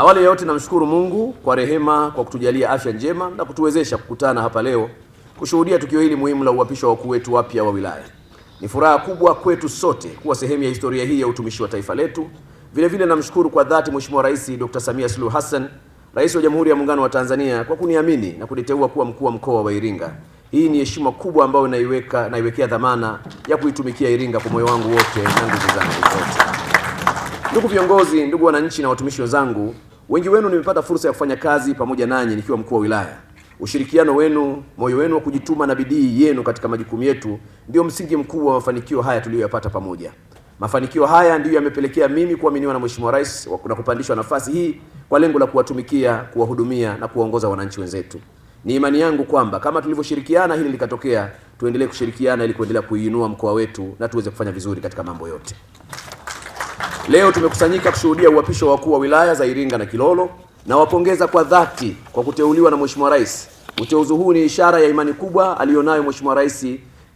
Awali yote namshukuru Mungu kwa rehema kwa kutujalia afya njema na kutuwezesha kukutana hapa leo kushuhudia tukio hili muhimu la uapisho wa wakuu wetu wapya wa wilaya. Ni furaha kubwa kwetu sote kuwa sehemu ya historia hii ya utumishi wa taifa letu. Vilevile namshukuru kwa dhati Mheshimiwa Rais Dr. Samia Suluhu Hassan, Rais wa Jamhuri ya Muungano wa Tanzania kwa kuniamini na kuniteua kuwa mkuu wa mkoa wa Iringa. Hii ni heshima kubwa ambayo naiweka naiwekea dhamana ya kuitumikia Iringa kwa moyo wangu wote na nguvu zangu zote. Ndugu viongozi, ndugu wananchi na watumishi wenzangu, Wengi wenu nimepata fursa ya kufanya kazi pamoja nanyi nikiwa mkuu wa wilaya. Ushirikiano wenu, moyo wenu wa kujituma na bidii yenu katika majukumu yetu ndio msingi mkuu wa mafanikio haya tuliyoyapata pamoja. Mafanikio haya ndiyo yamepelekea mimi kuaminiwa na Mheshimiwa Rais na kupandishwa nafasi hii kwa lengo la kuwatumikia, kuwahudumia na kuwaongoza wananchi wenzetu. Ni imani yangu kwamba kama tulivyoshirikiana hili likatokea, tuendelee kushirikiana ili kuendelea kuiinua mkoa wetu na tuweze kufanya vizuri katika mambo yote. Leo tumekusanyika kushuhudia uhapisho wa wakuu wa wilaya za Iringa na Kilolo. Nawapongeza kwa dhati kwa kuteuliwa na Mheshimiwa Rais. Uteuzi huu ni ishara ya imani kubwa aliyonayo Mheshimiwa Rais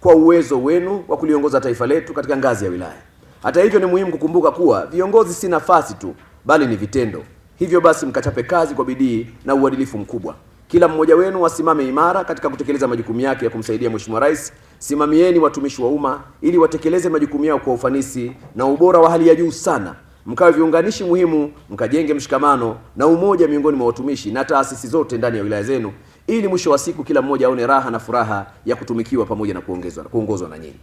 kwa uwezo wenu wa kuliongoza taifa letu katika ngazi ya wilaya. Hata hivyo, ni muhimu kukumbuka kuwa viongozi si nafasi tu, bali ni vitendo. Hivyo basi, mkachape kazi kwa bidii na uadilifu mkubwa. Kila mmoja wenu asimame imara katika kutekeleza majukumu yake ya kumsaidia Mheshimiwa Rais. Simamieni watumishi wa umma ili watekeleze majukumu yao kwa ufanisi na ubora wa hali ya juu sana, mkawe viunganishi muhimu, mkajenge mshikamano na umoja miongoni mwa watumishi na taasisi zote ndani ya wilaya zenu, ili mwisho wa siku kila mmoja aone raha na furaha ya kutumikiwa pamoja na kuongezwa kuongozwa na nyinyi.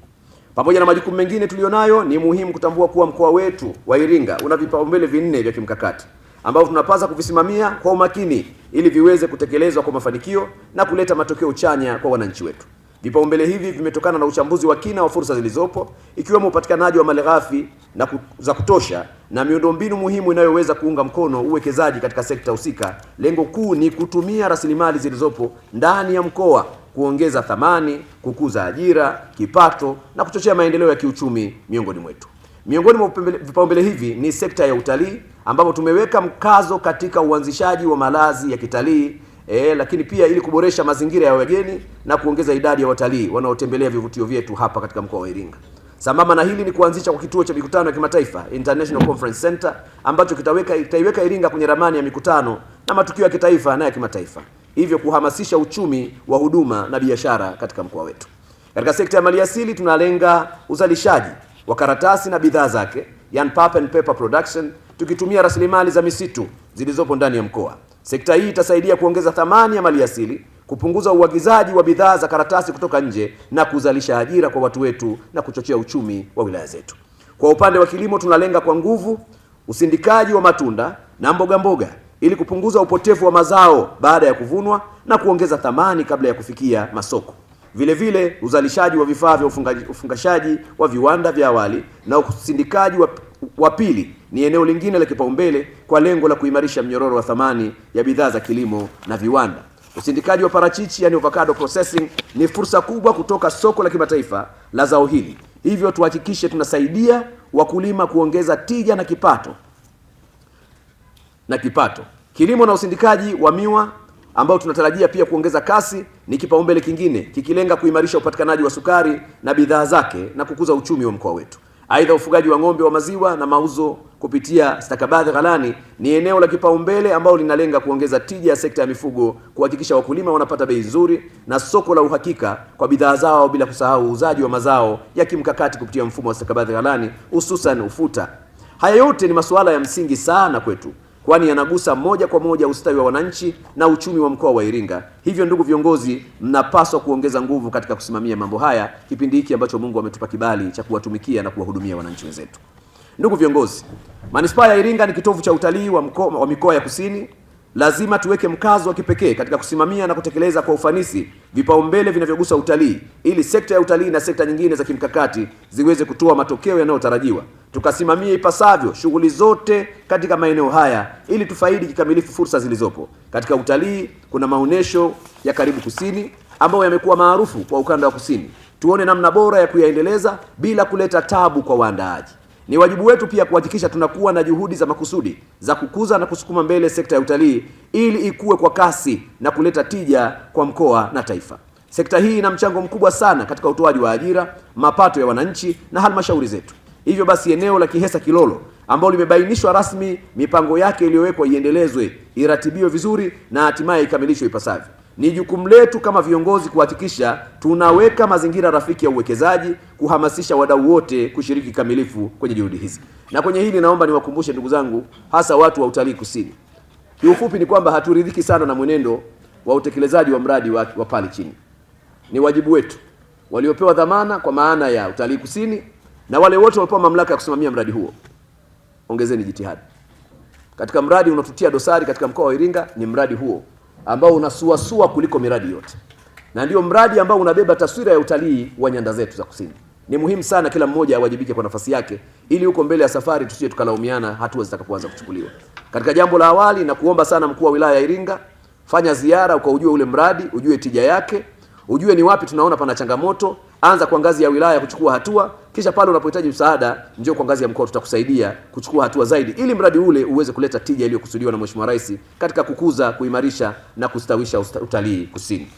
Pamoja na majukumu mengine tuliyonayo, ni muhimu kutambua kuwa mkoa wetu wa Iringa una vipaumbele vinne vya kimkakati ambavyo tunapaswa kuvisimamia kwa umakini ili viweze kutekelezwa kwa mafanikio na kuleta matokeo chanya kwa wananchi wetu. Vipaumbele hivi vimetokana na uchambuzi wa kina wa fursa zilizopo ikiwemo upatikanaji wa malighafi na ku, za kutosha na miundombinu muhimu inayoweza kuunga mkono uwekezaji katika sekta husika. Lengo kuu ni kutumia rasilimali zilizopo ndani ya mkoa kuongeza thamani, kukuza ajira, kipato na kuchochea maendeleo ya kiuchumi miongoni mwetu. Miongoni mwa vipaumbele hivi ni sekta ya utalii ambapo tumeweka mkazo katika uanzishaji wa malazi ya kitalii e, lakini pia ili kuboresha mazingira ya wageni na kuongeza idadi ya watalii wanaotembelea vivutio vyetu hapa katika mkoa wa Iringa. Sambamba na hili ni kuanzisha kwa kituo cha mikutano ya kimataifa International Conference Center ambacho kitaweka itaiweka Iringa kwenye ramani ya mikutano na matukio ya kitaifa na ya kimataifa, hivyo kuhamasisha uchumi wa huduma na biashara katika mkoa wetu. Katika sekta ya maliasili tunalenga uzalishaji wa karatasi na bidhaa zake, yani pulp and paper production tukitumia rasilimali za misitu zilizopo ndani ya mkoa. Sekta hii itasaidia kuongeza thamani ya maliasili, kupunguza uagizaji wa bidhaa za karatasi kutoka nje na kuzalisha ajira kwa watu wetu na kuchochea uchumi wa wilaya zetu. Kwa upande wa kilimo, tunalenga kwa nguvu usindikaji wa matunda na mboga mboga ili kupunguza upotevu wa mazao baada ya kuvunwa na kuongeza thamani kabla ya kufikia masoko. Vile vile uzalishaji wa vifaa vya ufungashaji wa viwanda vya awali na usindikaji wa wa pili ni eneo lingine la kipaumbele kwa lengo la kuimarisha mnyororo wa thamani ya bidhaa za kilimo na viwanda. Usindikaji wa parachichi yani avocado processing ni fursa kubwa kutoka soko la kimataifa la zao hili, hivyo tuhakikishe tunasaidia wakulima kuongeza tija na kipato na kipato. Kilimo na usindikaji wa miwa ambao tunatarajia pia kuongeza kasi ni kipaumbele kingine, kikilenga kuimarisha upatikanaji wa sukari na bidhaa zake na kukuza uchumi wa mkoa wetu. Aidha, ufugaji wa ng'ombe wa maziwa na mauzo kupitia stakabadhi ghalani ni eneo la kipaumbele ambalo linalenga kuongeza tija ya sekta ya mifugo, kuhakikisha wakulima wanapata bei nzuri na soko la uhakika kwa bidhaa zao, bila kusahau uuzaji wa mazao ya kimkakati kupitia mfumo wa stakabadhi ghalani, hususan ufuta. Haya yote ni masuala ya msingi sana kwetu kwani yanagusa moja kwa moja ustawi wa wananchi na uchumi wa mkoa wa Iringa. Hivyo ndugu viongozi, mnapaswa kuongeza nguvu katika kusimamia mambo haya kipindi hiki ambacho Mungu ametupa kibali cha kuwatumikia na kuwahudumia wananchi wenzetu. Ndugu viongozi, manispaa ya Iringa ni kitovu cha utalii wa mkoa wa mikoa ya Kusini. Lazima tuweke mkazo wa kipekee katika kusimamia na kutekeleza kwa ufanisi vipaumbele vinavyogusa utalii ili sekta ya utalii na sekta nyingine za kimkakati ziweze kutoa matokeo yanayotarajiwa tukasimamia ipasavyo shughuli zote katika maeneo haya ili tufaidi kikamilifu fursa zilizopo. Katika utalii kuna maonyesho ya Karibu Kusini ambayo yamekuwa maarufu kwa ukanda wa kusini. Tuone namna bora ya kuyaendeleza bila kuleta tabu kwa waandaaji. Ni wajibu wetu pia kuhakikisha tunakuwa na juhudi za makusudi za kukuza na kusukuma mbele sekta ya utalii ili ikue kwa kasi na kuleta tija kwa mkoa na taifa. Sekta hii ina mchango mkubwa sana katika utoaji wa ajira, mapato ya wananchi na halmashauri zetu. Hivyo basi eneo la Kihesa Kilolo ambalo limebainishwa rasmi, mipango yake iliyowekwa iendelezwe, iratibiwe vizuri na hatimaye ikamilishwe ipasavyo. Ni jukumu letu kama viongozi kuhakikisha tunaweka mazingira rafiki ya uwekezaji, kuhamasisha wadau wote kushiriki kikamilifu kwenye juhudi hizi. Na kwenye hili naomba niwakumbushe ndugu zangu, hasa watu wa utalii kusini, kiufupi ni kwamba haturidhiki sana na mwenendo wa utekelezaji wa mradi wa, wa pale chini. Ni wajibu wetu waliopewa dhamana kwa maana ya utalii kusini na wale wote waliopewa mamlaka ya kusimamia mradi huo, ongezeni jitihada katika mradi unatutia dosari katika mkoa wa Iringa. Ni mradi huo ambao unasuasua kuliko miradi yote, na ndio mradi ambao unabeba taswira ya utalii wa nyanda zetu za kusini. Ni muhimu sana kila mmoja awajibike kwa nafasi yake, ili huko mbele ya safari tusije tukalaumiana hatua zitakapoanza kuchukuliwa. Katika jambo la awali, na kuomba sana mkuu wa wilaya ya Iringa, fanya ziara ukaujue ule mradi, ujue tija yake, ujue ni wapi tunaona pana changamoto. Anza kwa ngazi ya wilaya kuchukua hatua kisha pale unapohitaji msaada, njoo kwa ngazi ya mkoa, tutakusaidia kuchukua hatua zaidi, ili mradi ule uweze kuleta tija iliyokusudiwa na Mheshimiwa Rais katika kukuza, kuimarisha na kustawisha utalii Kusini.